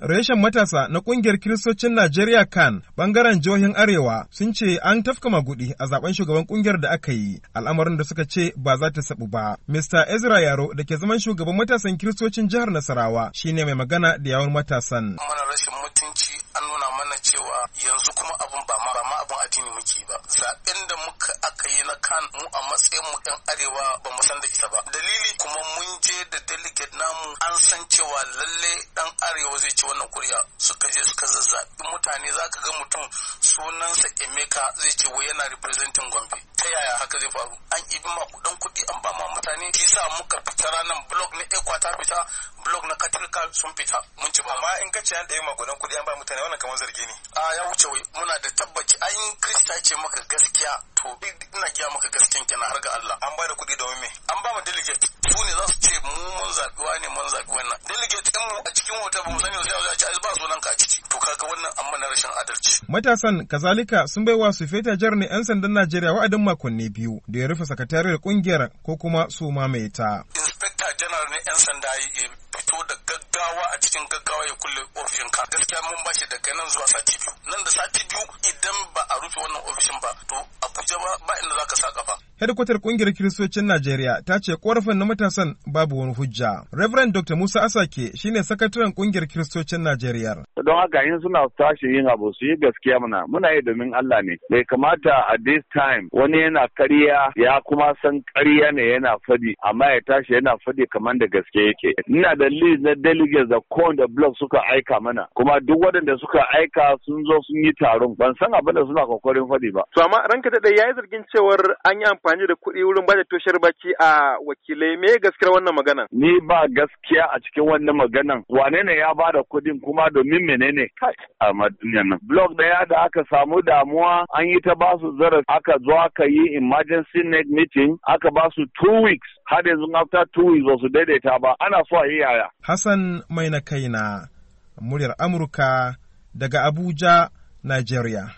Reshen matasa na kungiyar Kiristocin Najeriya kan bangaren jihohin Arewa sun ce an tafka magudi a zaben shugaban kungiyar da aka yi, al'amarin da suka ce ba za ta sabu ba. Mr. Ezra Yaro da ke zaman shugaban matasan Kiristocin jihar Nasarawa shine mai magana da yawon matasan. Mana rashin mutunci an nuna mana cewa yanzu kuma abun ba ma abun addini muke ba. Zaben da muka aka yi na kan mu a matsayin mu yan arewa ba mu san da ita ba. Dalili kuma mun da delegate namu an san cewa lalle dan arewa zai ci wannan kuriya suka je suka zazzabi mutane za ka ga mutum sunansa emeka zai ce wai yana representing gombe ta yaya haka zai faru an ibi ma kudin kudi an ba ma mutane shi sa muka fita ranar blog na ekwa ta fita blog na katilka sun fita mun ci ba amma in ka ce an ɗaya kudin kudi an ba mutane wannan kamar zargi ne a ya wuce wai muna da tabbaci an krista ce maka gaskiya to ina kiya maka gaskiyan na har ga Allah an ba da kuɗi domin me an ba mu delegate zaɓuwa ne mun zaɓi wannan delegate mu a cikin wata ba mu sani sai a ci ba sunan ka ciki to kaga wannan amma na rashin adalci matasan kazalika sun baiwa su feta jar ne yan sandan Najeriya wa'adin makonni biyu da ya rufe sakatariyar kungiyar ko kuma su mai ta inspector general ne yan sanda ya fito da gaggawa a cikin gaggawa ya kulle ofishin ka gaskiya mun bashi daga nan zuwa sati biyu nan da sati biyu idan ba a rufe wannan ofishin ba to Abuja ba inda za ka saka ba hedkwatar kungiyar kiristocin Najeriya ta ce korafin na matasan babu wani hujja. Reverend Dr. Musa Asake shine sakataren kungiyar kiristocin Najeriya. Don haka yin suna tashi yin abu su yi gaskiya mana, muna yi domin Allah ne. Bai kamata a this time wani yana kariya ya kuma san kariya ne yana fadi amma ya tashi yana fadi kamar da gaske yake. Ina da li na delegates da kowane da block suka aika mana kuma duk waɗanda suka aika sun zo sun yi taron ban san abin da suna kokarin fadi ba. To amma ranka da ya yi zargin cewar an yi amfani amfani da kuɗi wurin da toshar baki a wakilai me gaskiya wannan magana? Ni ba gaskiya a cikin wannan maganan wane ne ya da kuɗin kuma domin menene kai a duniyan nan. Blog ɗaya da aka samu damuwa an yi ta basu zarafi aka zo aka yi emergency net meeting aka basu two weeks har yanzu after two weeks ba su daidaita ba ana so a yi yaya. Hassan mai na kaina muryar Amurka daga Abuja, Nigeria.